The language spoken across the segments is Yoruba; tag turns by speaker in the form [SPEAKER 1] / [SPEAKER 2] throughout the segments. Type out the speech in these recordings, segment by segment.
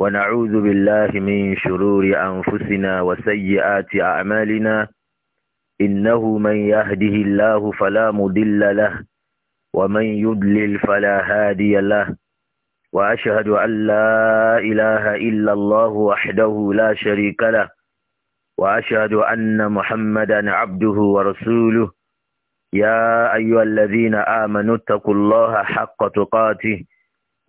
[SPEAKER 1] ونعوذ بالله من شرور أنفسنا وسيئات أعمالنا إنه من يهده الله فلا مضل له ومن يضلل فلا هادي له وأشهد أن لا إله إلا الله وحده لا شريك له وأشهد أن محمدا عبده ورسوله يا أيها الذين آمنوا اتقوا الله حق تقاته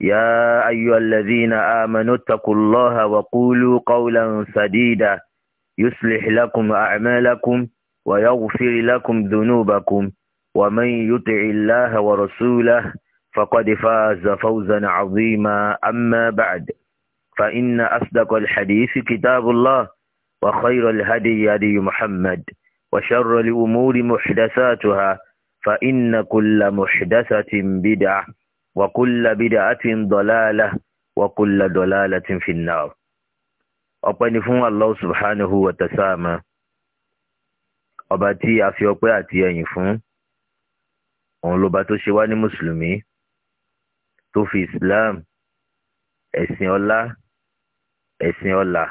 [SPEAKER 1] يا أيها الذين آمنوا اتقوا الله وقولوا قولا سديدا يصلح لكم أعمالكم ويغفر لكم ذنوبكم ومن يطع الله ورسوله فقد فاز فوزا عظيما أما بعد فإن أصدق الحديث كتاب الله وخير الهدي هدي محمد وشر الأمور محدثاتها فإن كل محدثة بدعة وكل بدعة ضلالة وكل ضلالة في النار ọpẹ́ ni fún Allah subhanahu wa tasama ọba tí a fi ọpẹ́ àti ẹ̀yìn fún òun lọba tó ṣe wá ní mùsùlùmí tó fi islam ẹ̀sìn ọlá ẹ̀sìn ọlà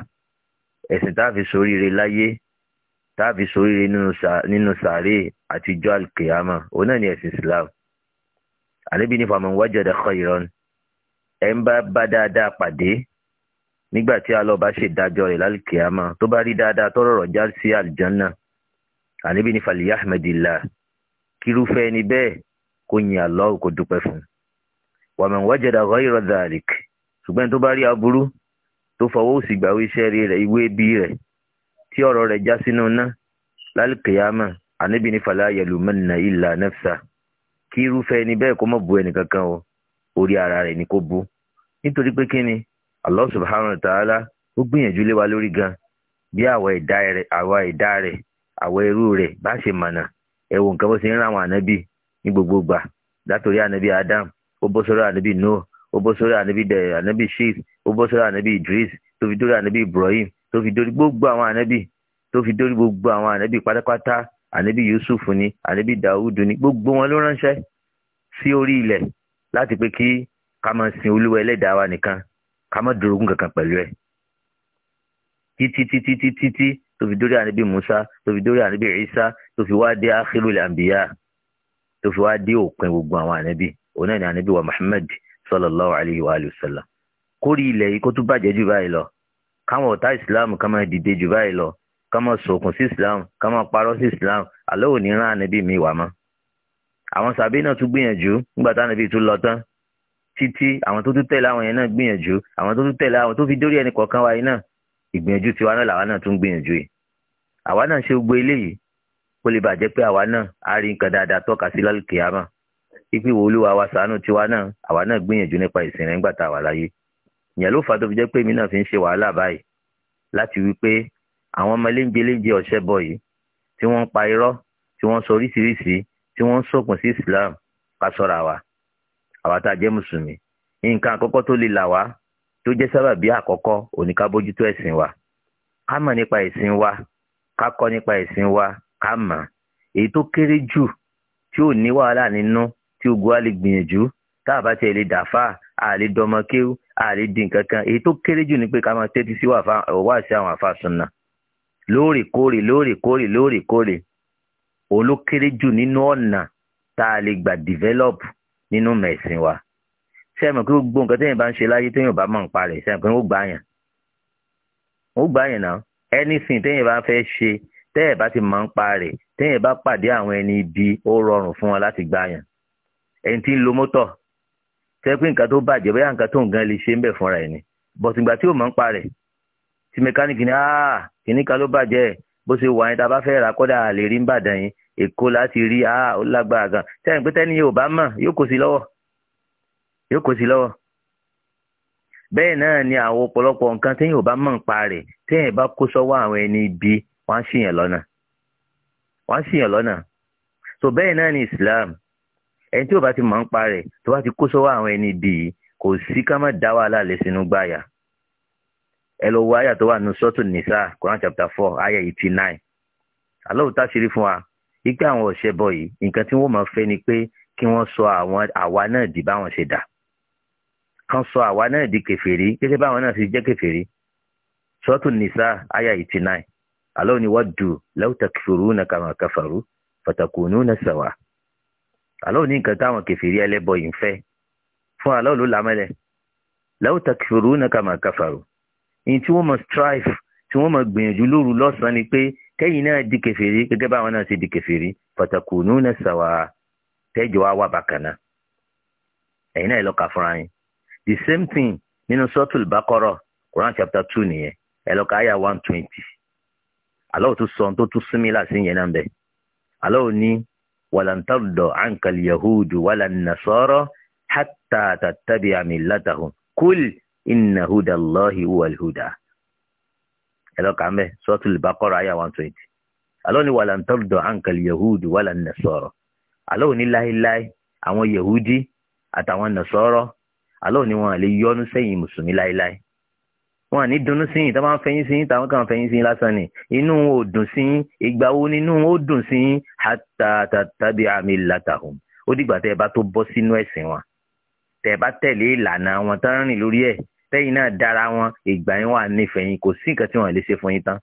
[SPEAKER 1] ẹ̀sìn tá a láyé tá a nínú sàárè àtijọ́ alkiyama òun náà ni ẹ̀sìn islam ànábì ní faman wajada khayran ẹ̀ ń bá bá dáadáa pàdé nígbà tí alọ́ba ṣe dájọ́ rẹ̀ lálùkìyàmá tó bá rí dáadáa tọ́rọ̀ rọ̀ já sí àlùjánná ànábì ní falyahmadillah kírúfẹ́ ẹni bẹ́ẹ̀ kó yin Allah kó dúpẹ́ fún un waman wajada ghayra dhalik ṣùgbọ́n tó bá rí aburú tó fọwọ́ òsì gbàwé iṣẹ́ rẹ̀ ìwé bí tí ọ̀rọ̀ rẹ̀ já sínú ná lálùkìyàmá ànábì ní fala yalumanna illa nafsa kí irúfẹ́ ẹni bẹ́ẹ̀ kó má bu ẹnì kankan o orí ara rẹ̀ ni kó bu nítorí pé kí ni Allah subhanahu ta'ala ó gbìyànjú lé wa lórí gan bí àwa ẹ̀dá rẹ̀ àwa ẹ̀dá rẹ̀ àwa ẹrú rẹ̀ bá ṣe mọ̀nà ẹ̀wò nǹkan bó ṣe ń ra àwọn ànábì ní gbogbo gbà látòrí ànábì Adam ó bọ́ sọ́rọ́ ànábì Noah ó bọ́ sọ́rọ́ ànábì dẹ̀ ànábì sheik ó bọ́ sọ́rọ́ ànábì Idris tó fi dórí ànábì Ibrahim tó fi dórí gbogbo àwọn ànábì tó fi dórí gbogbo àwọn ànábì pátápátá ànábì yusuf ni ànábì dawudu ni gbogbo wọn ló ránṣẹ́ sí orí ilẹ̀ láti pé kí ká máa sin olúwa ẹlẹ́dàá wa nìkan ká má dorogún kankan pẹ̀lú ẹ̀ títí títí títí tí tó fi dórí ànábì musa tó fi dórí ànábì isa tó fi wá dé akhirul anbiya tó fi wá dé òpin gbogbo àwọn ànábì òun náà ni ànábì wa muhammad sallallahu alayhi wa sallam kórìí ilẹ̀ yìí kó tún bàjẹ́ jù báyìí lọ káwọn ọ̀tá ìsìláàmù ká máa dìde jù báyìí lọ ká máa sòkùn sí islam ká máa parọ́ sí islam àlọ́ ò ní rán ànábì mi wà mọ́. àwọn sàbí náà tún gbìyànjú nígbà tá ànábì tún lọ tán títí àwọn tó tún tẹ̀lé àwọn yẹn náà gbìyànjú àwọn tó tún tẹ̀lé àwọn tó fi dórí ẹnì kọ̀ọ̀kan wa yìí náà ìgbìyànjú tiwa náà làwa náà tún gbìyànjú yìí. àwa náà ṣe gbogbo eléyìí kó lè bàjẹ́ pé àwa náà á rí nǹkan dáadáa tọ́ka sí lálùkìyàmà ipi wo olúwa wa ṣàánú tiwa náà àwa náà gbìyànjú nípa ìsìn rẹ̀ ńgbà wà láyé ìyẹn ló fà tó fi jẹ́ pé èmi náà fi ń ṣe wàhálà báyìí láti wí pé àwọn ọmọ léńjeléńje ọ̀ṣẹ́ bọ̀ yìí tí wọ́n ń pa irọ́ tí wọ́n ń sọ oríṣiríṣi tí wọ́n ń sọ̀kùn sí Islam ká ṣọ́ra wa àwa tá a jẹ́ mùsùlùmí nǹkan àkọ́kọ́ tó lè là wá tó jẹ́ sábàbí àkọ́kọ́ òní ká bójútó ẹ̀sìn wa ká mọ̀ nípa ẹ̀sìn wa ká kọ́ nípa ẹ̀sìn wa ká mọ̀ èyí tó kéré jù tí ò ní wàhálà nínú tí ogun á lè gbìyànjú tá a bá tiẹ̀ lè dàáfà a lè dọmọ kéwú lè di nǹkan èyí tó kéré jù ni pé ká máa tẹ́tí sí wàhálà àwọn àfa sunna lóòrèkóòrè lóòrèkóòrè lóòrèkóòrè òun ló kéré jù nínú ọ̀nà tá a lè gbà develop nínú mẹ̀sìn wa ṣé ẹ mọ̀ pé gbogbo nǹkan téèyàn bá ń ṣe láyé téèyàn bá mọ̀ ń parẹ̀ ṣé ẹ mọ̀ gbà yàn ó gbà yàn náà anything téèyàn bá fẹ́ ṣe téèyàn bá ti mọ̀ ń parẹ̀ téèyàn bá pàdé àwọn ẹni ibi ó rọrùn fún wọn láti gbà yàn ẹni tí ń lo mọ́tọ̀ ṣé pé nǹkan tó bàjẹ́ bóyá nǹkan tó ń gan lè ṣe ń bẹ̀ fúnra ẹ̀ ni bọ̀tùgbà tí ò mọ̀ ń parẹ̀ tí mẹkáníìkì ní ah kìíní kan ló bàjẹ́ bó ṣe wà yẹn tá a bá fẹ́ rà kọ́dà lè rí ń bàdàn yín èkó láti rí ah ó lágbára gan sẹ́yìn pé tẹ́ni yóò bá mọ̀ yóò kó sí lọ́wọ́ yóò kó sí lọ́wọ́ bẹ́ẹ̀ náà ni àwọn ọ̀pọ̀lọpọ̀ nǹkan téèyàn ò bá mọ̀ ń pa rẹ̀ téèyàn bá kó sọ́wọ́ àwọn ẹni ibi wọ́n á ṣìyàn lọ́nà wọ́n á ṣìyàn lọ́nà so bẹ́ẹ̀ náà ni Islam ẹni tí ò bá ti mọ̀ ń pa rẹ̀ tó bá ti kó sọ́wọ́ àwọn ẹni ibi kò sí ká má dá wàhálà lé sínú gbáyà ẹ lọ wo àyà tó wà nínú sọ́tù nìsà Quran chapter four àyà eighty nine alóòótọ́ táṣírí fún wa wípé àwọn ọ̀ṣẹbọ yìí nǹkan tí wọ́n máa fẹ́ ni pé kí wọ́n sọ àwọn àwa náà di báwọn ṣe dà kan sọ àwa náà di kèfèrí gẹ́gẹ́ báwọn náà ṣe jẹ́ kèfèrí sọ́tù nìsà àyà eighty nine alóòní waddu law takfuruna kama kafaru fatakununa sawa alóòní nǹkan táwọn kèfèrí ẹlẹ́bọ yìí ń fẹ́ fún alóòlù lámẹ́lẹ̀ law takfuruna kama kafaru ní tí wọ́n mọ̀ strive tí wọ́n mọ̀ gbìyànjú lóru lọ́sàn-án ni pé kẹ́yìn náà di kèfèrí gẹ́gẹ́ báwọn náà ṣe di kèfèrí fatakununa sawa tẹ́jọ́ wa wà bákan náà ẹ̀yin náà ẹ fúnra yín the same thing nínú sọ́tùl bákọ́rọ̀ Quran chapter two nìyẹn ẹ lọ one twenty Allah tó sọ tó tún súnmí láti yẹn náà bẹ́ẹ̀ Allah ní wàlàntàdọ̀ ànkàl yahudu wàlànàsọ́rọ̀ hàtà tàtàbí àmì látàhùn kúlì inna huda allahi huwal huda ẹlọ kà ń bẹ suratul baqara àyà one twenty alọ́ ni wàlà ń tọ́lùdọ̀ ànkàl yahudi wàlà ń nasara alọ́ òní láéláé àwọn yahudi àtàwọn nasara alọ́ òní wọn lè yọnu sẹ́yìn mùsùlùmí láéláé wọn ní dùnnú sí yìí tó máa ń fẹyín sí yìí lásán ni inú wọn ò dùn sí yín nínú wọn ò dùn sí yín hatta tattabi'a ó dìgbà tẹ́ ẹ bá tó bọ́ sínú ẹ̀sìn wọn tẹ́ bá tẹ̀lé ìlànà wọn tán rìn lórí ẹ̀ tẹ́yìn náà dára wọn ìgbà yín wà nífẹ̀ẹ́ yín kò sí nǹkan tí wọ́n lè ṣe fún yín tán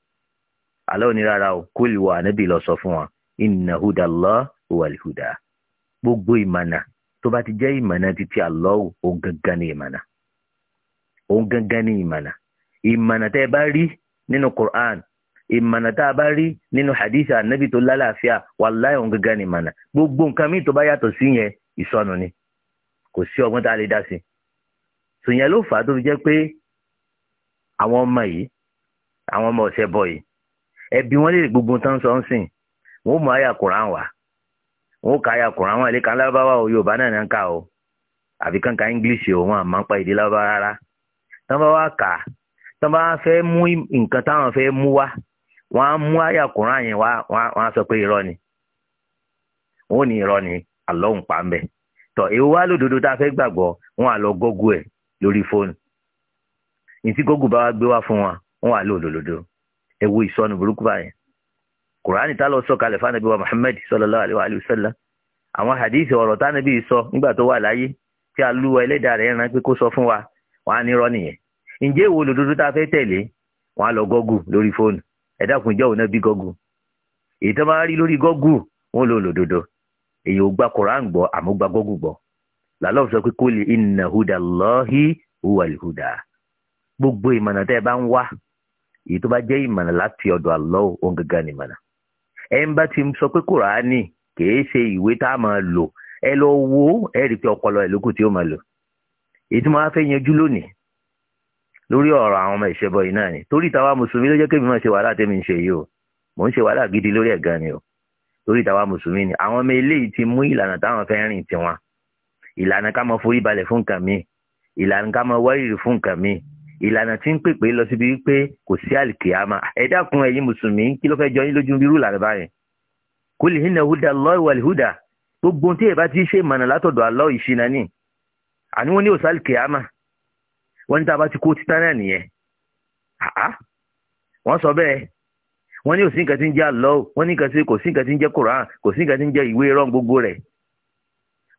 [SPEAKER 1] alẹ́ òní rárá o kó lè wọ ànábì lọ sọ fún wọn inna huda Allah huwa al-huda gbogbo ìmọ̀nà tó bá ti jẹ́ ìmọ̀nà títí Allah òun gangan ni ìmọ̀nà òun gangan ni ìmọ̀nà ìmọ̀nà tẹ́ bá rí nínú Qur'an ìmọ̀nà tá a bá rí nínú hadith ànábì tó lálàáfíà wàláhì òun gangan ni ìmọ̀nà gbogbo nǹkan míì tó bá yàtọ̀ sí yẹn ìsọnù ni kò sí ọgbọ́n tá a lè dá sí sòyìn ló fà á tó fi jẹ́ pé àwọn ọmọ yìí àwọn ọmọ ọ̀sẹ̀ bọ̀ yìí ẹbí wọn lè gbogbo tán sọ ń sìn wọn ó mú àyà kùrán wá wọn ó ka àyà kùrán wọn àlékà ńlábáwá o Yorùbá náà ní ká o àbí kanka English o wọn àmọ́ pa èdè lábá rárá tán bá wá kà á tán bá fẹ́ mú nǹkan táwọn fẹ́ mú wá wọn á mú àyà kùrán yẹn wá wọn á sọ pé irọ́ ni wọn ò ní irọ́ ni àlọ́ ń pa ń bẹ́ẹ̀ tọ̀ èwo wá taa tá a fẹ́ gbàgbọ́ wọn à lọ gọ́gù ẹ̀ lórí fóònù ìtí gọ́gù bá wá gbé wá fún wa wọn à lò lòdodo ìsọnù burúkú kùránì tá lọ sọ kalẹ̀ wa Muhammad sallallahu wa sọ nígbà tó wà láyé tí a ẹlẹ́dàá rẹ̀ rán pé sọ fún wa wọn á nìyẹn ǹjẹ́ tá lọ lórí fóònù ẹ̀dá èyí ò gba koran gbọ́ àmọ́ gba gógù gbọ́ làlọ́ọ̀ sọ pé kó lè inna huda lọ́hí huwalhuda gbogbo ìmọ̀nà tẹ́ ẹ bá ń wá èyí tó bá jẹ́ ìmọ̀nà láti ọ̀dọ̀ àlọ́ òun gangan ni ìmọ̀nà ẹ ń bá ti sọ pé kòránì kìí ṣe ìwé tá a máa lò ẹ lọ wo ẹ rí pé ọpọlọ ẹ lókù tí ó máa lò èyí tí mo wá fẹ́ yanjú lónìí lórí ọ̀rọ̀ àwọn ọmọ ìṣẹ́bọ yìí náà ni torí táwa mùsùlùmí ló jẹ́ kébì máa ṣe wàhálà tẹ́mi ń ṣe yìí o mò ń ṣe wàhálà gidi lórí ẹ̀ gan ni o lórí ìtawà mùsùlùmí ni àwọn ọmọ eléyìí ti mú ìlànà táwọn fẹ́ rìn tiwọn ìlànà ká máa forí balẹ̀ fún nǹkan míì ìlànà ká máa wáyìrì fún nǹkan míì ìlànà tí ń pèpè lọ síbi wípé kò sí àlìkìyàmà ẹ dákun ẹ̀yin mùsùlùmí kí ló fẹ́ jọ yín lójú rírú làrá báyìí kò lè hinna huda lọ́ọ̀ ìwà ìhúdà gbogbo tí èèbá ti ṣe ìmọ̀nà látọ̀dọ̀ àlọ́ ìṣìnà ni àní wọ́n ní òsàlì kìámà wọ́n ní tá a bá ti kó títà náà nìyẹn wọ́n sọ bẹ́ẹ̀ wọ́n ní òsín nǹkan tí ń jẹ́ àlọ́ wọ́n ní nǹkan tí kò sí nǹkan tí ń jẹ́ koran kò sí nǹkan tí ń jẹ́ ìwé rán gbogbo rẹ̀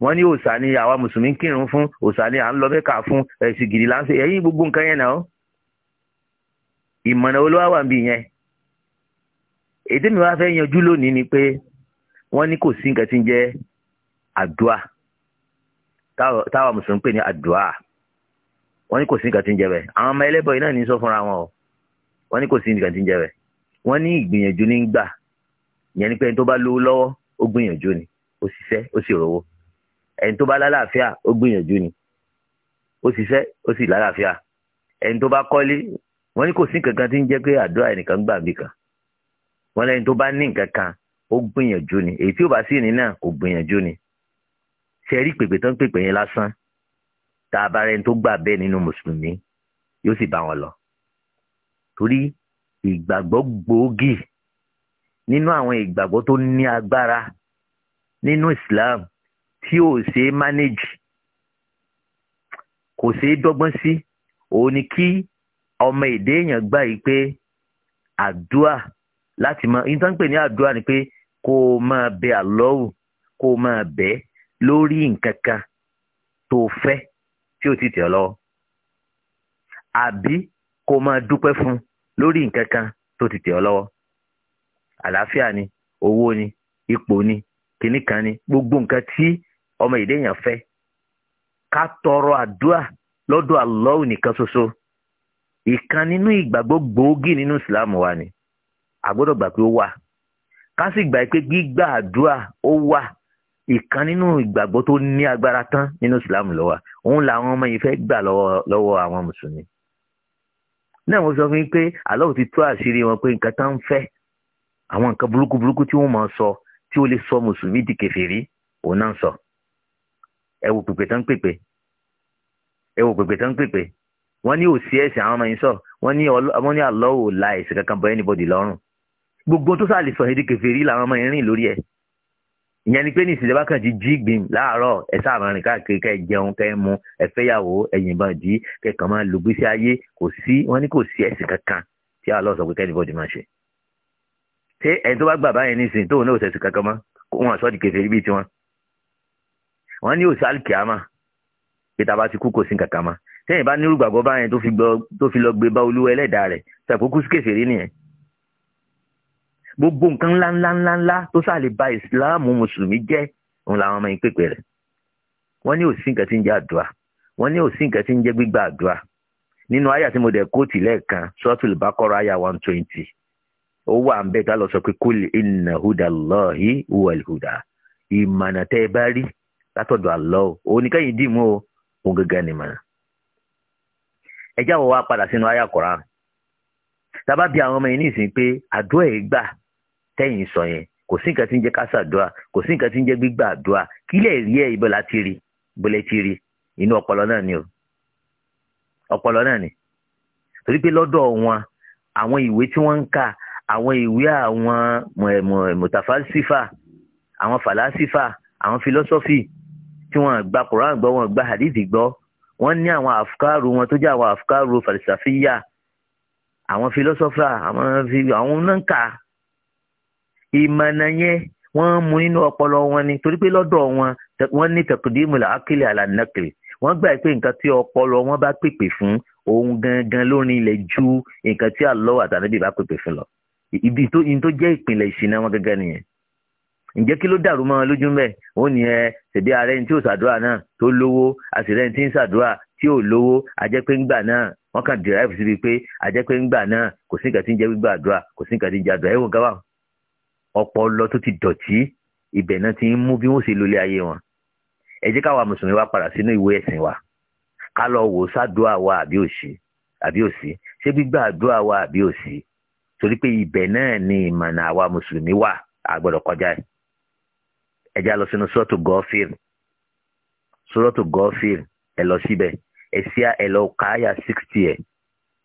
[SPEAKER 1] wọ́n ní òòṣà ni àwa mùsùlùmí kírun fún òòṣà ni à ń lọ Mẹ́kà fún ẹ̀sìn gidi là ń ṣe ẹ̀yìn gbogbo nǹkan yẹn náà ìmọ̀nà olówó wà níbí yẹn èdè mi wá fẹ́ yanjú lónìí ni pé wọ́n ní kò sí nǹkan tí ń jẹ́ àdúà táwa mùsùlùmí pè ní àdúà wọ́n ní kò sí nǹkan tí ń jẹ́ bẹ́ẹ̀ àwọn ọmọ ẹlẹ́bọ̀ yìí náà sọ fúnra wọn o wọ́n ní kò sí nǹkan tí ń jẹ́ bẹ́ẹ̀ wọ́n ní ìgbìyànjú ní gbà ìyẹn ni pé ẹni tó bá lówó lọ́wọ́ ó gbìyànjú ni ó ṣiṣẹ́ ó sì rówó ẹni tó bá lálàáfíà ó gbìyànjú ni ó ṣiṣẹ́ ó sì lálàáfíà ẹni tó bá kọ́lé wọ́n ní kò sí nǹkan kan tí ń jẹ́ pé àdúrà ẹnìkan gbà mí kan wọ́n lẹ́ni tó bá ní nǹkan kan ó gbìyànjú ni èyí tí ò bá sí ní náà kò gbìyànjú ni ṣe rí pèpè tó ń pèpè yẹn lásán tá a bá rẹni tó gbà bẹ́ẹ̀ nínú mùsùlùmí yóò sì bá wọn lọ torí ìgbàgbọ́ gbòógì nínú àwọn ìgbàgbọ́ tó ní agbára nínú Islam tí ò ṣe é manage kò ṣe é dọ́gbọ́n sí òun ni kí ọmọ èdè èèyàn gbà yìí pé àdúà láti mọ nítorí pé ní àdúà ni pé kó o máa bẹ àlọ́wù kó o máa bẹ lórí nǹkan kan tó fẹ́ tí ó ti tẹ̀ lọ àbí kó o máa dúpẹ́ fún un lórí nǹkan kan tó ti tẹ̀ ọ́ lọ́wọ́ àlàáfíà ni owó ni ipò ni kìnnì kan ni gbogbo nǹkan tí ọmọ èdè yẹn fẹ́ ká tọrọ àdúrà lọ́dọ̀ Allah nìkan ṣoṣo ìkan nínú ìgbàgbọ́ gbòógì nínú Islam wa ni àgbọ́dọ̀ gbà pé ó wà ká sì gbà pé gbígbà àdúrà ó wà ìkan nínú ìgbàgbọ́ tó ní agbára tán nínú Islam ló òun làwọn ọmọ yìí fẹ́ gbà lọ́wọ́ àwọn mùsùlùmí náà mo sọ fún yín pé aláwọ̀ ti tú àṣírí wọn pé nǹkan tán ń fẹ́ àwọn nǹkan burúkú burúkú tí wọ́n máa sọ tí ó lè sọ mùsùlùmí di kèfèrí òun náà ń sọ ẹ wo pèpè tán pèpè ẹ wo pèpè tán pèpè wọ́n ní òsì ẹ̀sìn àwọn ọmọ yìí sọ wọ́n ní wọ́n ní àlọ́ ò la ẹ̀sìn kankan bọ́ anybody lọ́rùn gbogbo tó sáà lè sọ èdè kèfèrí làwọn ọmọ yìí rìn lórí ẹ̀ ìyẹn ni pé ní ìsìlẹ̀ bákan ti jí gbìn láàárọ̀ ẹ sáàmà rìn káàkiri kẹ́ ẹ jẹun kẹ́ ẹ mu ẹ fẹ́yàwó ẹ̀yìnbọn dì í kẹ́ ẹ kàn máa lò gbèsè ayé kò sí wọn ní kò sí ẹ̀sìn kankan tí àlọ́ sọ pé kẹ́ ẹnìbọ̀dì máa ṣe. ṣé ẹni tó bá gbà báyẹn nísìn tóun náà ṣẹ̀sìn kankan mọ́ wọn àṣọ di kẹfẹ́ bíi tiwọn. wọn ní òsì alìkìámà pété abá ti kú kò sí kankan mọ́ sẹ́yìn bá nírú gbàgbọ́ báyẹn tó fi lọ gbé bá olúwa ẹlẹ́dàá rẹ̀ ṣàkókò sí kẹfẹ́ rí nìyẹn gbogbo nǹkan ńlá ńlá ńlá ńlá tó sàlè ba ìsìláàmù mùsùlùmí jẹ́ òun làwọn ọmọ yìí pèpè rẹ̀ wọ́n ní òsín nǹkan tí ń jẹ́ àdúrà wọ́n ní òsín nǹkan tí ń jẹ́ gbígba àdúrà nínú àyà tí mo dẹ̀ kóòtì lẹ́ẹ̀kan sọ́tùl bákọ́rọ àyà one twenty ó wà ń bẹ́ẹ̀ ká lọ sọ pé kul inna hudallahi huwal huda ìmọ̀nà tẹ́ ẹ bá rí látọ̀dọ̀ Allah òun ní dìímú o òun gẹ́gẹ́ ni mọ̀nà. ẹ jáwọ́ wá padà sínú àyà Kùránì tábà àwọn ọmọ yìí ní ìsìn pé àdúrà ẹ̀ gbà tẹ́yìn sọ yẹn kò sí nǹkan tí ń jẹ́ kásàdúà kò sí nǹkan tí ń jẹ́ gbígbà àdúà kí lè rí ẹ̀ ìbọ̀lá ti rí ìbọ̀lẹ̀ inú ọpọlọ náà ni o ọpọlọ náà ni torí pé lọ́dọ̀ wọn àwọn ìwé tí wọ́n ń kà àwọn ìwé àwọn mùtàfàsífà àwọn fàlásífà àwọn fìlọ́sọ́fì tí wọ́n gba koran gbọ́ wọ́n gba hadith gbọ́ wọ́n ní àwọn àfukáàrù wọn tó jẹ́ àwọn àfukáàrù fàlìsàfíyà àwọn fìlọ́sọ́fà àwọn ìmọ̀nà yẹn wọ́n mú nínú ọpọlọ wọn ni torí pé lọ́dọ̀ wọn wọ́n ní tẹkùdímù làákìlì àlànàkìlì wọ́n gbà pé nǹkan tí ọpọlọ wọn bá pèpè fún òun gangan lórí ilẹ̀ ju nǹkan tí àlọ́ àtàlẹ́bí bá pèpè fún lọ ibi tó ibi tó jẹ́ ìpìlẹ̀ ìṣìnà wọn gangan nìyẹn ǹjẹ́ kí ló dàrú mọ́ wọn lójú mẹ́ ó ní ẹ ṣèdí ààrẹ ní tí ò ṣàdúrà náà tó lówó àṣìrẹ́ ní tí ń ṣàdúrà tí ò lówó ajẹ́ pé ńgbà náà wọ́n kàn dìráìfù síbi pé ajẹ́ pé ńgbà náà kò sí nǹkan tí ń jẹ́ gbígbà àdúrà kò sí nǹkan tí ń jẹ́ àdúrà ẹ̀wọ̀n gáwà ọpọlọ tó ti dọ̀tí ibẹ̀ náà ti ń mú bí wọ́n ṣe lólé ayé wọn ẹ jẹ́ káwa mùsùlùmí wá padà sínú ìwé ẹ̀sìn wa ká lọ wò sádùá wa àbí òsì àbí òsì ṣé gbígbà àdúrà wa àbí òsì torí pé ibẹ̀ náà ni ìmọ̀nà àwa mùsùlùmí wà àgbọ̀dọ̀ kọjá ẹ̀ ẹ já lọ sínú sọ́ọ̀tù gọ́fìr sọ́ọ̀tù gọ́fìr ẹ lọ síbẹ̀ ẹ sí ẹ lọ ká àyà sixty ẹ̀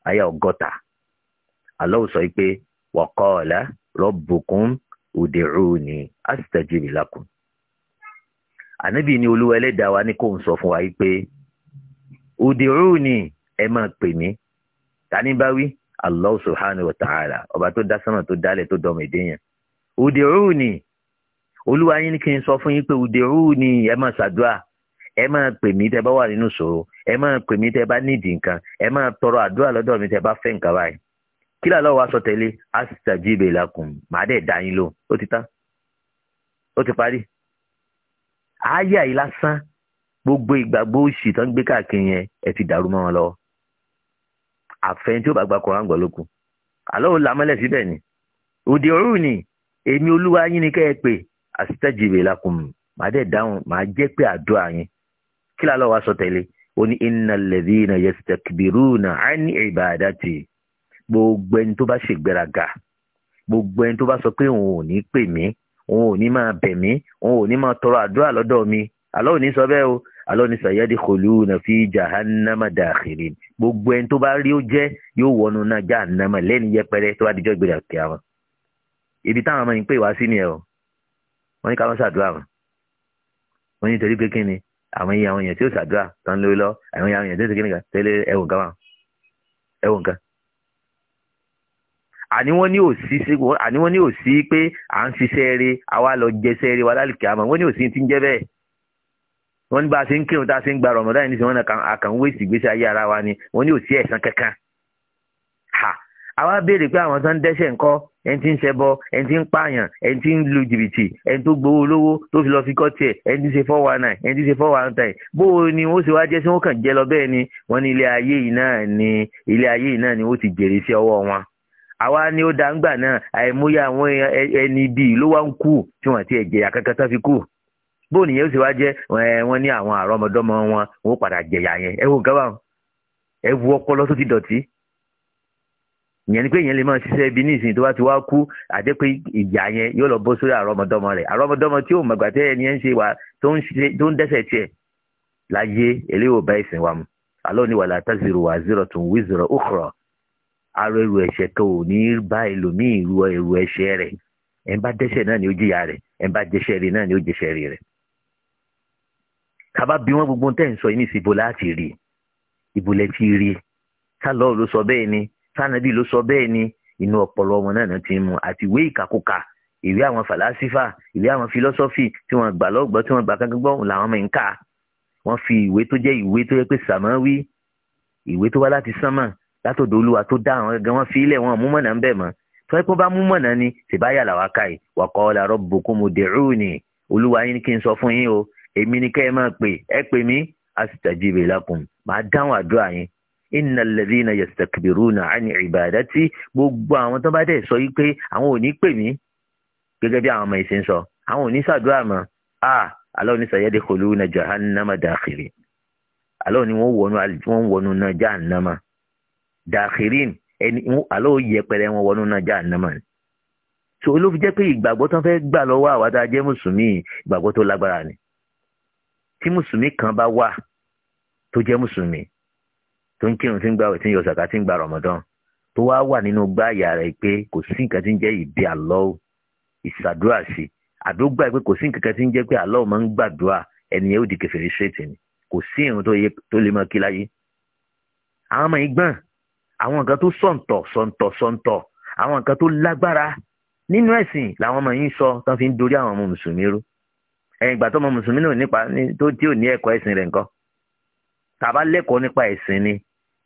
[SPEAKER 1] àyà ọgọ́ta Allah sọ pé wa qala rabbukum ud'uni astajib lakum ànábì ni olúwa ẹlẹ́dàá wa ní kò ń sọ fún wa yìí pé ud'uni ẹ máa pè mí tani bá allah subhanahu wa ta'ala ọba tó dá sánmà tó dálẹ̀ tó dọmọ èdè yẹn olúwa yín ni kí sọ fún yín pé ud'uni ẹ máa ṣàdúrà ẹ máa pè mí tẹ bá wà nínú ẹ máa pè mí tẹ bá nídìí tọrọ àdúrà lọdọ mi tẹ bá nǹkan kí là lọ́wọ́ aṣọ tẹ̀lé astajibe lakum màá dẹ̀ dá yín lò ó ti tán ó ti parí. ayé àyè lásán gbogbo ìgbàgbọ́ òṣì tó ń gbé káàkiri yẹn ẹ ti dàrú mọ́ wọn lọ́wọ́. àfẹ́yìn tí ó bá gba koran gbọ́ lókun àlọ́ ò lámọ́lẹ̀ síbẹ̀ ni òde òru ni èmi olúwa yín ni kẹ́ ẹ pè astajibe lakum màá dẹ̀ dáhùn màá jẹ́ pé àdúrà yín kí lọ́wọ́ aṣọ tẹ̀lé ó ní innal ladhina yastakbiruna an ibadati gbogbo ẹni tó bá ṣègbéraga gbogbo ẹni tó bá sọ pé òun ò ní pè mí òun ò ní máa bẹ̀ mí òun ò ní máa tọrọ àdúrà lọ́dọ̀ mi Allah ò ní sọ bẹ́ẹ̀ o Allah ní sàyẹ́dì kòlúùnà fi jahannama dàkìrì gbogbo ẹni tó bá rí ó jẹ́ yóò wọnú náà jahannama lẹ́ni yẹpẹrẹ tó bá dijọ́ ìgbéra kí àwọn. ibi táwọn ọmọ yìí pè wá sí ni ẹ o wọ́n ní ká wọ́n ṣàdúrà wọn. ní torí pé kí ni àwọn èèyàn àwọn èèyàn tí ó ṣàdúrà tán lórí lọ àwọn èèyàn àwọn èèyàn tí ó ni ká tẹ́lẹ̀ ẹ̀wọ̀n kan wà àní wọ́n ní òsí àní wọ́n ní òsí pé à ń ṣiṣẹ́ rẹ àwa lọ jẹṣẹ́ rẹ wa lálùkì àmọ́ wọ́n ní òsí ti ń jẹ́ bẹ́ẹ̀ wọ́n ní bá a ṣe ń kírun tá a ṣe ń gba rọ̀mọ́dá yìí wọ́n àkàn wé ìsìgbésí ayé ara wa ni wọ́n ní òsí ẹ̀san kankan ha àwa béèrè pé àwọn tó ń dẹ́ṣẹ̀ ńkọ́ ẹni tí ń ṣẹbọ ẹni tí ń pààyàn ẹni tí ń lu jìbìtì ẹni tó gbowó olówó tó fi lọ fi kọ́ tiẹ̀ ẹni tí ń ṣe four one ẹni tí ń ṣe four one time ni wọ́n ṣe wá jẹ́ sí wọ́n kàn jẹ́ lọ bẹ́ẹ̀ ni wọ́n ní ilé ayé yìí náà ni ilé ayé yìí náà ni wọ́n ti jèrè sí ọwọ́ wọn àwa ni ó da ńgbà náà àìmọye àwọn ẹni bíi ló wá ń kú tí wọn ti ẹ̀jẹ̀ àkàkà tán fi kú bóun nìyẹn ó sì wá jẹ́ wọ́n ní àwọn àrọ́mọdọ́mọ wọn wọn ó padà jẹ̀yà yẹn ẹ wo nǹkan báwọn ẹ wu ọpọlọ tó ti dọ̀tí ìyẹn ni pé ìyẹn lè máa ṣiṣẹ́ ibi ní ìsìn tó bá ti wá kú àti pé ìjà yẹn yóò lọ bọ́ sórí àrọ́mọdọ́mọ rẹ̀ àrọ́mọdọ́mọ tí ò mọ̀gbà tẹ́ ẹni ẹ̀ ń ṣe wà tó ń dẹ́sẹ̀ tiẹ̀ láyé eléyìí ò bá ìsìn wa mu alọ́ ni wàlá taziru zero tún wí zero ó kọ̀rọ̀ arọ èrò ẹ̀ṣẹ̀ kan ò ní bá ẹlòmíì ru èrò ẹ̀ṣẹ̀ rẹ̀ ẹ̀ ń bá dẹ́ṣẹ̀ náà ni ó jìyà rẹ̀ ẹ̀ ń bá jẹ́ṣẹ̀ rẹ̀ náà ni ó jẹ́ṣẹ̀ rẹ̀ rẹ̀. tábà bí wọ́n gbogbo tẹ́ ń sọ yìí ní ìsìnbó láti rí ìbòlẹ̀ ti rí sálọ́ọ̀ ló sọ bẹ́ẹ̀ ni sánàbí ló sọ bẹ́ẹ̀ ni inú ọpọlọ wọn náà ti mú àti ìwé ìkàkùkà ìwé àwọn fàlásífà ìwé àwọn fílọ́sọ́fì tí wọ́n gbà lọ́gbọ́ tí wọ́n gbà kankan làwọn máa ń kà wọ́n fi ìwé tó jẹ́ ìwé tó yẹ pé sàmáwí ìwé tó wá láti sánmà látọ̀dọ̀ olúwa tó dá àwọn gan wọn fi ilẹ̀ wọn múmọ̀nà ń bẹ̀ mọ́ tọ́yẹ́ pé bá múmọ̀nà ni ṣèbáyà làwa káyì wa qala rabbukumu ud'uni olúwa yín kí n sọ fún yín o èmi ni kẹ́ ẹ máa pè ẹ pè mí astajib lakum màá dáhùn àdúrà yín innal ladhina yastakbiruna an ibadati gbogbo àwọn tó bá dẹ̀ sọ yí pé àwọn ò ní pè mí gẹ́gẹ́ bí àwọn ọmọ ìsìn sọ àwọn ò ní ṣàdúrà mọ́ a Allah ní sayadkhuluna jahannama dakhiri Allah ni wọ́n wọnú náà jahannama dàkírín ẹni àlọ́ yẹpẹrẹ wọn wọnú náà jahannama ni so ló fi jẹ́ pé ìgbàgbọ́ tó ń fẹ́ gbà lọ́wọ́ àwa tá a jẹ́ mùsùlùmí ìgbàgbọ́ tó lágbára ni tí mùsùlùmí kan bá wà tó jẹ́ mùsùlùmí tó ń kírun tí ń gbàwẹ̀ tí ń yọ sàká tí ń gba rọ̀mọ̀dán tó wá wà nínú gbáàyà rẹ̀ pé kò sí nǹkan tí ń jẹ́ ìbí àlọ́ ìṣàdúrà sí àbí pé kò sí nǹkan tí ń jẹ́ pé àlọ́ máa ń gbàdúrà ẹni yẹn ó di kèfèrí ṣètì ni kò sí ìrun tó lè máa kí láyé àwọn ọmọ yìí àwọn nǹkan tó sọ̀ǹtọ̀ sọ̀ǹtọ̀ sọ̀ǹtọ̀ àwọn nǹkan tó lágbára nínú ẹ̀sìn làwọn ọmọ yìí ń sọ tán fi ń dorí àwọn ọmọ mùsùlùmí rú ẹ̀yìn ìgbà tó ọmọ mùsùlùmí náà nípa tó tí ò ní ẹ̀kọ́ ẹ̀sìn rẹ̀ nǹkan tàbá lẹ́kọ̀ọ́ nípa ẹ̀sìn ni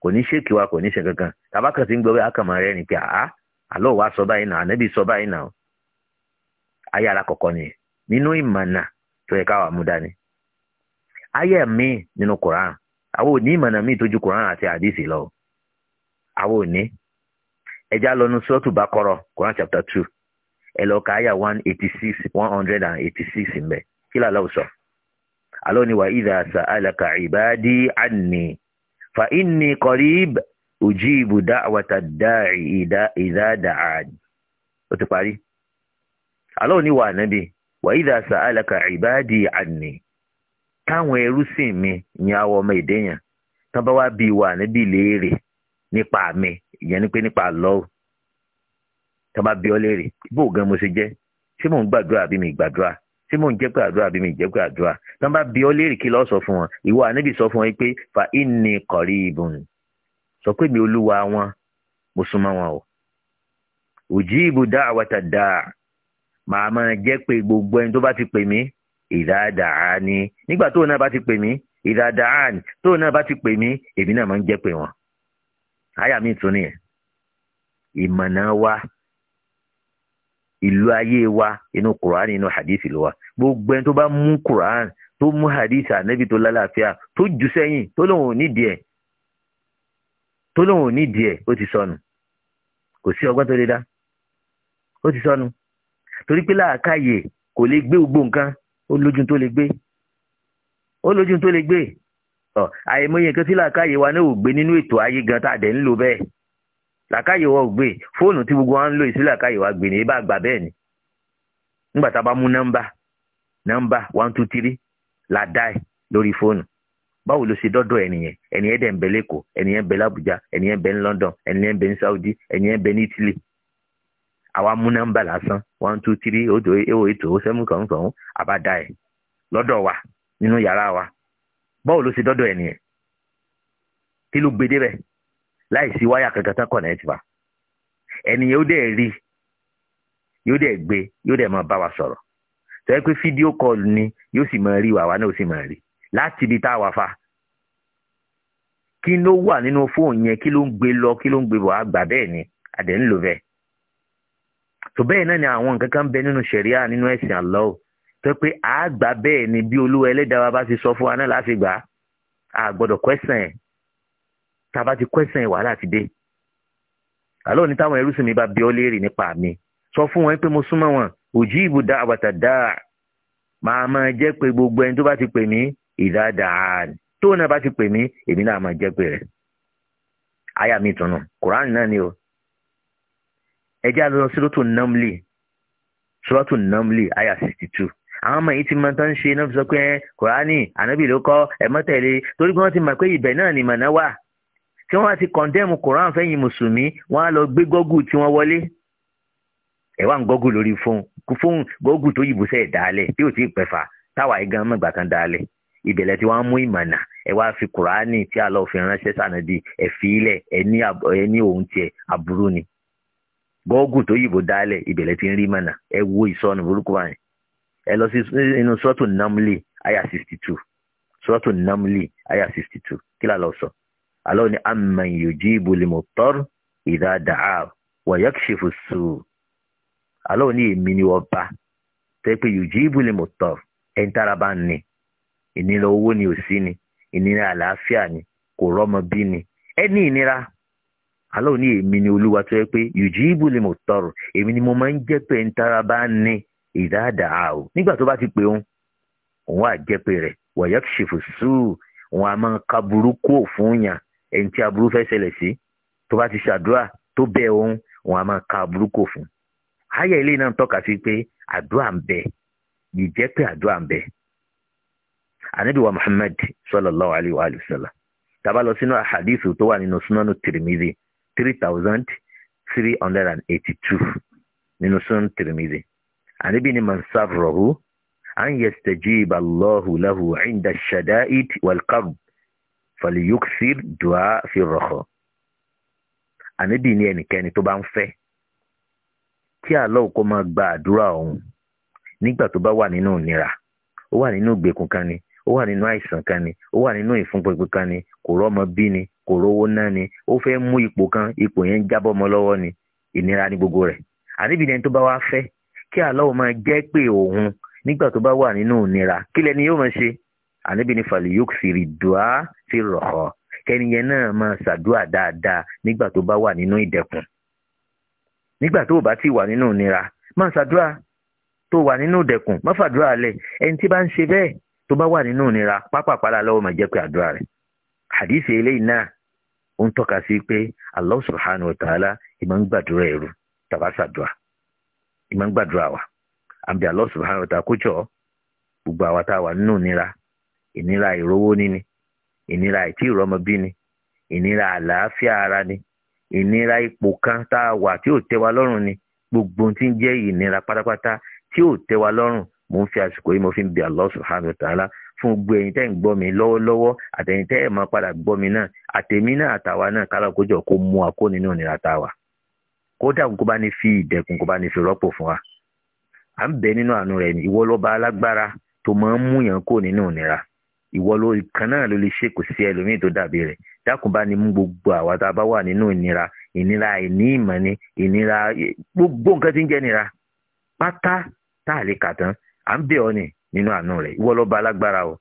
[SPEAKER 1] kò ní ṣèkì wa kò ní ṣe kankan tàbá kan ti ń gbọ́ pé akàmọ́ ni pé àá àlọ́ wa sọ báyìí náà ànábì sọ báyìí náà ayé ara kọ̀ọ̀kan nìyẹn nínú ìmọ̀nà tó yẹ káwa mú dání ayé mi nínú Kùránì àwọn òní ìmọ̀nà míì tójú Kùránì àti àdìsí lọ́wọ́ àwọn òní ẹja lọnu sọ́ọ̀tù bá kọ́rọ̀ Quran chapter two ẹ lọ ka àyà one eighty six one hundred and eighty six mbẹ kí làlá sọ. alọ́ ni wà idha sa'alaka ibadi anni fa inni qarib ujibu da'wata da'i idha da'an ó ti pari. alọ́ ni wa ànábì wà idha sa'alaka ibadi anni táwọn ẹrú sìn mi ni awọ ọmọ èdè yẹn tán bá wá wà níbi nípa mi ìyẹn ni pé nípa lọ́wọ́ tó bá bí ọ léèrè bó gan mo ṣe jẹ́ ṣé mò ń gbàdúrà àbí mi gbàdúrà ṣé mò ń jẹ́ pé àdúrà àbí mi jẹ́ pé àdúrà tó bá bí ọ léèrè kí lọ́ọ́ sọ fún wọn ìwọ ànábì sọ fún wọn pé fa inni qaribun sọ pé mi olúwa wọn mo súnmọ́ wọn o ujibu da'wata da'a màá máa jẹ́ pé gbogbo ẹni tó bá ti pè mí ìdáadáa ni nígbà tóun náà bá ti pè mí ìdáadáa ni tóun náà bá ti pè mí èmi náà máa ń jẹ́ pé wọn àyà mi tún nìyẹn ìmọ̀nà wa ìlú ayé wa inú kùránì inú hadithi ló wà gbogbo ẹni tó bá mú kùránì tó mú hadithi ànẹ́bí tó lálàáfíà tó jù sẹ́yìn tó lóun ò nídìí ẹ̀ tó lóun ò nídìí ẹ̀ ó ti sọnù kò sí ọgbọ́n tó lè dá ó ti sọnù torí pé láàkáyè kò lè gbé gbogbo nǹkan ó lójú tó lè gbé ó lójú tó lè gbé àìmọye nǹkan tí làákàyè wa náà ò gbé nínú ètò ayé gan tá a dẹ̀ ń lò bẹ́ẹ̀ làákàyè wa ò gbé fóònù tí gbogbo wa ń lò yìí sí làákàyè wa gbé ní ibà gbà bẹ́ẹ̀ ni nígbà tá a bá mú nọ́mbà nọ́mbà one two three la dá ẹ̀ lórí fóònù báwo ló ṣe dọ́dọ̀ ẹnìyẹn ẹnìyẹn dẹ̀ ń bẹ lẹ́kọ̀ọ́ ẹnìyẹn bẹ l'Abuja ẹnìyẹn bẹ ní London ẹnìyẹn bẹ ní Saudi ẹnìyẹn bẹ ní Italy àwa mú nọ́mbà lásán one two three odo ewo eto seven kan kan àbá dá ẹ̀ lọ́dọ̀ wa nínú yàrá wa báwo ló dọ́dọ̀ ẹ̀ nìyẹn kí ló gbé débẹ̀ láì sí wáyà kankan tán kọ̀nẹ́ẹ̀tì wa ó dẹ̀ rí yóò dẹ̀ gbé yóò dẹ̀ máa bá wa sọ̀rọ̀ tó pé fídíò kọlù ni yóò sì máa rí wàwa náà ó sì máa rí láti ibi tá a wà fa kí ló wà nínú fóònù yẹn lọ kí ló ń gbé ni àdẹ̀ bẹ́ẹ̀ tó bẹ́ẹ̀ náà ni àwọn nǹkan kan bẹ nínú ṣẹ̀ríà nínú ẹ̀sìn tó pé a gbà bẹ́ẹ̀ ni bí olúwa ẹlẹ́dàá wa bá ti sọ fún wa náà láti gbà á gbọ́dọ̀ kwẹ́sàn ẹ̀ tá a bá ti kwẹ́sàn ẹ̀ wàhálà ti dé àlọ́ ní táwọn ẹrú sinmi bá bi ọ́ léèrè nípa mi sọ fún wọn pé mo súnmọ́ wọn òjì ìbò dá àbàtà dá màá máa jẹ́ pé gbogbo ẹni tó bá ti pè mí ìdáadáa tó náà bá ti pè mí èmi náà máa jẹ́ pé rẹ̀ àyà mi tùnú kùránì náà ni o ẹ jẹ́ àlọ́ sírọ́tò nàmlì sírọ́tò nàmlì àyà sixty two. àwọn ọmọ yìí ti mọ tó ṣe náà fi sọ pé ẹ kòránì ànábì ló kọ́ ẹ mọ́ tẹ̀lé torí pé wọ́n tí á ti kọ̀ndẹ́mù kòrán fẹ́yìn mùsùlùmí wọn á lọ gbé gọgụ tí wọn wọlé ẹ̀ wá ń gọ́gù lórí fóun fóun tó yìbò tí ò tí ì táwa igan kan ìbẹ̀lẹ̀ tí wọ́n mú ìmọ̀nà fi tí a lọ fi ránṣẹ́ sànàdì ẹ̀ fi ilẹ̀ ni tó yìbò dálẹ̀ ìbẹ̀lẹ̀ ń rí mọ̀nà wo ẹ lọ sí inú sọ́tò namli aya sixty two sọ́tò namli aya sixty two kí la sọ alọ́ ni amman yujibu limuttar idha da'a wa yakshifu su' alọ́ ni èmi ni wọ́n bá tẹ́ pé yujibu limuttar ẹni tára bá ń ní ìnira owó ni ò sí ni ìnira àlàáfíà ni kò rọ́mọ bí ni ẹni ìnira alọ́ ni èmi ni olúwa tó yẹ pé yujibu limuttar èmi ni mo máa ń jẹ́ ẹni tára bá ń ní ìdáàdà àwò nígbà tó bá ti pè òun òun á jẹ́ pé rẹ̀ wọ̀yọ́ ṣèfò sùúrù òun á máa ka burúkú òfun yàn ẹni tí aburú fẹ́ ṣẹlẹ̀ sí tó bá ti ṣàdúrà tó bẹ̀ òun òun á máa ka burúkú òfun. ilé náà tọ́ka sí pé àdúrà ń bẹ ìjẹ́ pé àdúrà ń bẹ. ànábì wa Muhammad sallallahu alayhi wa Taba tàbá lọ sínú àhàdísù tó wà nínú sunanu Tirmidhi three thousand three hundred and eighty-two nínú sunanu Tirmidhi àníbí ni mansarrohu an yastajib allahu lahu inda shada'id walqarb falyuksir dua fi rọ̀kọ̀ àníbí ni ẹnikẹ́ni tó bá ń fẹ́ kí àlọ́ọ̀ kó máa gba àdúrà òun nígbà tó bá wà nínú ìnira ó wà nínú ìgbèkùn kan ni ó wà nínú àìsàn kan ni ó wà nínú ìfúnpẹ̀pẹ̀ kan ni kò rọ́mọ bí ni kò rówó náà ni ó fẹ́ mú ipò kan ipò yẹn ń jábọ́ ọmọ ni ìnira ní gbogbo rẹ̀ àníbi ni ẹni tó bá wá fẹ́ kí Allah máa jẹ́ pé òun nígbà tó bá wà nínú ìnira kí lẹni yóò máa ṣe ànábì ní fàlẹ́ yóò sì rí dùá sí rọ̀họ́ kẹ́niyẹn náà máa ṣàdúà dáadáa nígbà tó bá wà nínú ìdẹ̀kùn nígbà tó o bá ti wà nínú ìnira máa ṣàdúà tó wà nínú ìdẹ̀kùn má fàdúrà lẹ̀ ẹni tí bá ń ṣe bẹ́ẹ̀ tó bá wà nínú ìnira pápápàlà lọ́wọ́ máa jẹ́ pé àdúrà rẹ̀ hadisi eléyìí náà ó ń tọ́ka sí pé Allah subhanahu wa ta'ala ìmọ̀ ń gbàdúrà ẹ̀rù tàbá ṣàdúà ìmọ̀ ń gbàdúrà wa àbí Allah subhanahu wa ta'ala kójọ gbogbo àwa tá a wà nínú ìnira ìnira ìrówó níní ìnira àìtí ìrọmọbí ni ìnira àlàáfíà ara ni ìnira ipò kan tá a wà tí ò tẹ́ wa lọ́rùn ni gbogbo ohun tí ń jẹ́ ìnira pátápátá tí ò tẹ́ wa lọ́rùn mò ń fi àsìkò yìí mo fi ń bi Allah subhanahu wa ta'ala fún gbogbo ẹ̀yin tẹ́ ń gbọ́ mi lọ́wọ́lọ́wọ́ àtẹ̀yin tẹ́ ẹ̀ máa padà gbọ́ mi náà àtẹ̀mí náà àtàwa náà kálọ̀ kójọ kó mú wa nínú ìnira tá a wà kódà kó bá ní fi ìdẹ̀kùn kó bá ní fi rọ́pò fún wa à ń bẹ nínú àánú rẹ ìwọ lọba alágbára tó máa ń mú yàn kó nínú ìnira ìwọ ló kan náà ló lè ṣe kò sí ẹlòmíì tó dàbí rẹ dákun bá ní mú gbogbo àwa tá a bá wà nínú ìnira ìnira àìní ìmọ̀ ni ìnira gbogbo nǹkan tí ń jẹ́ nira pátá tá a lè kà tán à ń bẹ ọ nì nínú àánú rẹ ìwọ lọba alágbára o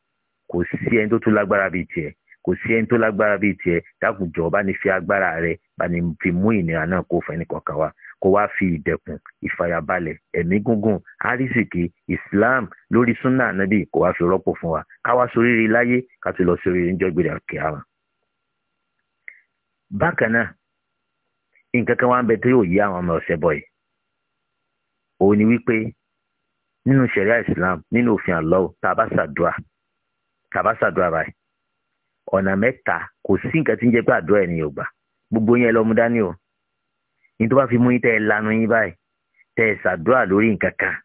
[SPEAKER 1] kò sí ẹni tó tún lágbára bíi tiẹ̀ kò sí ẹni tó lágbára bíi tiẹ̀ dákùjọ bá ní fi agbára rẹ bá ní fi mú ìnira náà kó fún ẹnì kọ̀ọ̀kan kó wá fi ìdẹ̀kùn ìfàyàbalẹ̀ ẹ̀mí gúngùn àrísìkí islam lórí súnà ànábì kó wá fi rọ́pò fún wa ká wá soríire láyé ká sì lọ soríire níjọ́ gbèrè kíámà. bákan náà nǹkan kan wá ń bẹ tó yóò yí àwọn ọmọ ọ̀sẹ̀ bọ̀ yìí òun ni wípé nínú ṣẹ̀ríà islam nínú òfin àlọ́ tá a bá ṣàdúrà tá a bá ṣàdúrà báyìí ọ̀nà mẹ́ta kò sí nǹkan tí ń jẹ́ pé àdúrà ènìyàn gbà gbogbo yẹn lọ́mú dání o ní tó bá fi mú yín tẹ́ ẹ lanu yín báyìí tẹ́ ẹ ṣàdúrà lórí nǹkan kan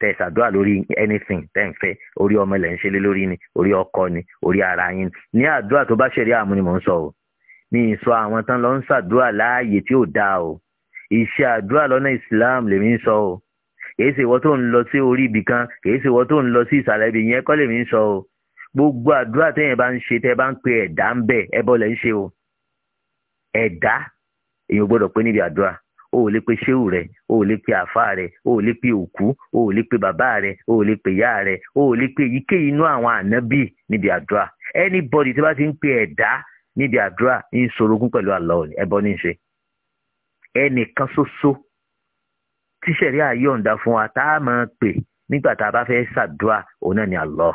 [SPEAKER 1] tẹ́ ẹ ṣàdúrà lórí anything tẹ́ ẹ ń fẹ́ orí ọmọ ilẹ̀ ń ṣe lé lórí ni orí ọkọ ni orí ara yín ní àdúrà tó bá ṣẹ̀rí àmú ni mò ń sọ o ní ìsọ àwọn tán lọ ń ṣàdúrà láàyè tí ò dáa o iṣẹ́ àdúrà lọ́nà Islam lèmi ń sọ o kèé ṣe ìwọ tó ń lọ sí orí ibì kan kèé ṣe tó ń lọ sí ìsàlẹ̀ ibì yẹn kọ́ lèmi ń sọ o gbogbo àdúrà tẹ́yìn bá ń ṣe tẹ́ bá ń pe ẹ̀dá ń bẹ̀ ẹbọ lẹ́ ń ṣe o ẹ̀dá èèyàn gbọ́dọ̀ pé níbi àdúrà o ò lè pe ṣéwù rẹ o ò lè pe àfáà rẹ o ò lè pe òkú o ò lè pe bàbá rẹ o ò lè pe ìyá rẹ o ò lè pe èyíkéyìí inú àwọn ànábì níbi àdúrà anybody tí bá ti ń pe ẹ̀dá níbi àdúrà ń sorogún pẹ̀lú Allah ni ẹbọ ní í ṣe ẹnìkan ṣoṣo tíṣẹ̀rí àyọ̀ǹda fún wa tá a máa pè nígbà tá a bá fẹ́ ṣàdúrà òun náà ni Allah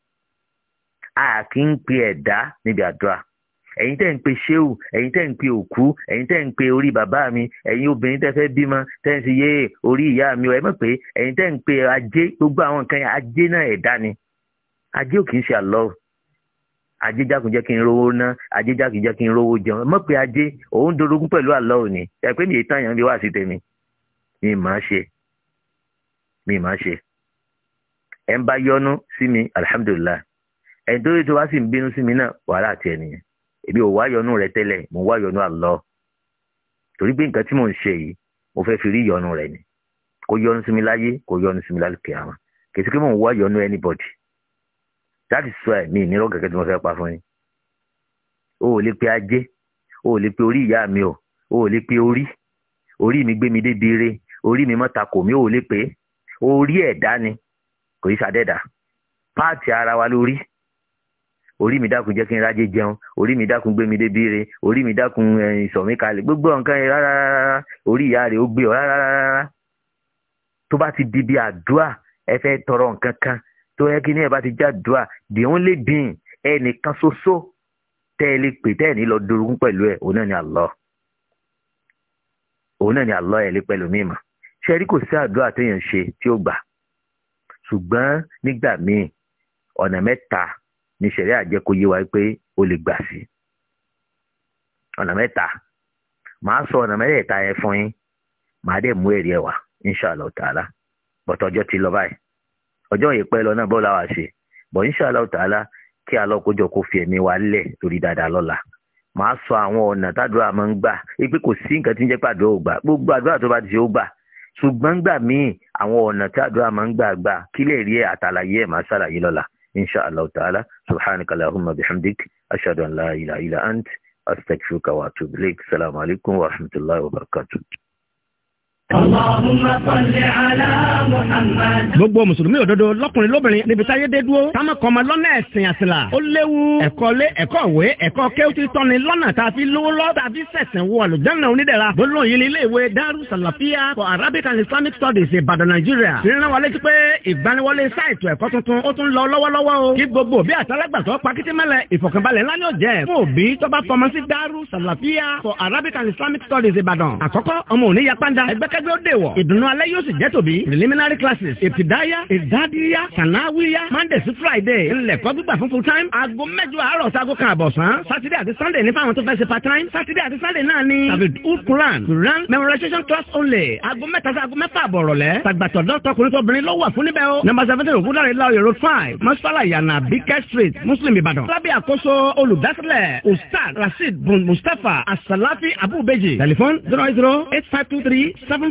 [SPEAKER 1] a kì í pe ẹ̀dá níbi àdúrà ẹ̀yin tẹ́ ń pe ṣéwù ẹ̀yin tẹ́ ń pe òkú ẹ̀yin tẹ́ ń pe orí bàbá mi ẹ̀yin obìnrin tẹ́ fẹ́ bímọ tẹ́ ń sì yé orí ìyá mi ẹ mọ̀ pé ẹ̀yin tẹ́ ń pe ajé gbogbo àwọn nǹkan yẹn ajé náà ẹ̀dá ni ajé ò kì í ṣe àlọ́ ajé jákun jẹ́ kí n rówó ná ajé jákun jẹ́ kí n rówó jẹun ẹ mọ̀ pé ajé òun dorogún pẹ̀lú àlọ́ òní ẹ pé mi ìtàn yẹn bí wá sí tèmi mi máa ṣe mi máa ṣe ẹ ń bá yọnu sí mi alihamudulilayi ẹni tó rí tó bá sì ń bínú sí mi náà wàhálà àti ẹnìyẹn èmi ò wá yọnu rẹ tẹ́lẹ̀ mo wá yọnu Allah torí pé nǹkan tí mò ń ṣe yìí mo fẹ́ fi rí yọnu rẹ ni kò yọnu sí mi láyé kò yọnu sí mi lálùkẹ́ àwọn kèsì mò ń wá yọnu anybody that is why mi ìnira gẹ́gẹ́ tí mo fẹ́ pa fún yín o ò lè pe ajé o ò lè pe orí ìyá mi o o ò lè pe orí orí mi gbé mi débi ire orí mi mọ́ta kò mí o ò lè pe orí ẹ̀dá ni kò yí sadẹ́dà páàtì ara wa lórí orí mi dákun jẹ́ kí n rájé jẹun orí mi dákun gbé mi débi re orí mi dákun ìsọ̀ mi kalẹ̀ gbogbo nǹkan yẹn rárá rárá orí ìyá rẹ̀ ó gbé ọ rárá tó bá ti di bí àdúrà ẹ fẹ́ tọrọ nǹkan kan tó yẹ kí ní ẹ bá ti já àdúrà the only being ẹnìkan ṣoṣo tẹ́ ẹ lè pè tẹ́ ẹ ní lọ dorogún pẹ̀lú ẹ̀ òun náà ni Allah òun náà ni Allah ẹ̀ lè pẹ̀lú mímọ́ ṣe rí kò sí àdúrà téèyàn ṣe tí ó gbà ṣùgbọ́n nígbà míì ọ̀nà mẹ́ta ní ṣẹ̀rí àjẹkò yé wa pé o lè gbà sí ọ̀nà mẹ́ta màá sọ ọ̀nà mẹ́tẹ̀ẹ̀ta yẹn fún yín màá dẹ̀ mú èrè ẹ̀ wá inshallah ta'ala bọ̀tọ̀ ọjọ́ ti lọ báyìí ọjọ́ yìí pẹ́ lọ náà bọ́ọ̀lù àwa ṣe bọ̀ inshallah ta'ala kí alọ́kójọ kó fi ẹ̀mí wa lẹ̀ lórí dáadáa lọ́la màá sọ àwọn ọ̀nà tádùá máa ń gbà pé kò sí nǹkan tí ń jẹ́ pàdé ò gbà gbogbo àdúrà tó bá ti ṣe ó gbà ṣùgbọ́n gbà míì àwọn ọ̀nà tádùá máa ń gbà gbà kílẹ̀ rí àtàlàyé ẹ̀ máa ṣàlàyé lọ́la إن شاء الله تعالى سبحانك اللهم بحمدك أشهد أن لا إله إلا أنت أستغفرك وأتوب إليك السلام عليكم ورحمة الله وبركاته
[SPEAKER 2] gbogbo mùsùlùmí òdodo lọkùnrin lóbìnrin níbi táyé dé dúró táwọn kan máa lọ́nà ẹ̀sìn àṣìlá ó léwu ẹ̀kọ́ lé ẹ̀kọ́ ìwé ẹ̀kọ́ kéwùtì tọ́ni lọ́nà tá a fi lówó lọ́ tá a fi sẹ̀sìn wọ àlùjáná onídẹ̀ra gbólóhùn yìí ní ilé ìwé Darus Salafia for Arabic and Islamic Studies Ìbàdàn Nàìjíríà ìrìnà wa létí pé ìgbaniwọlé sáìtù ẹ̀kọ́ tuntun ó tún lọ lọ́wọ́lọ́wọ́ o kí gbogbo bí àtàlágbàtọ́ pakitimẹ́lẹ̀ ìfọ̀kànbalẹ̀ ńlá ni ó jẹ́ fún òbí tó bá fọmọ sí Darus for Arabic and Islamic Studies Ìbàdàn àkọ́kọ́ ọmọ òní yapanda dúró dè wọ̀. ìdùnnú alẹ́ yóò sì jẹ́ tòbí. preliminary classes ètìdáyà ìdádíyà kànáwíyà monday sí friday ńlẹ̀kọ́ gbígbà fún full time. aago mẹ́jọ àárọ̀ sago kan àbọ̀sán. saturday àti sunday ní fáwọn tó fẹ́ ṣe part time. saturday àti sunday náà ni. david ul quran quran memorization class only. aago mẹ́ta sí aago mẹ́fà àbọ̀rọ̀lẹ́. tàgbàtọ̀dọ̀ tọkùnrin tóbìnrin ló wà fún níbẹ̀ o. number seventeen ògúnlárin láòyè road five masfala yana bikẹ́ street muslim ìbàdàn. lábẹ́ àkóso olùdásílẹ̀ ustaz rasheed bun mustapha asalafi abubeji. telephone zero eight zero eight five two
[SPEAKER 3] three seven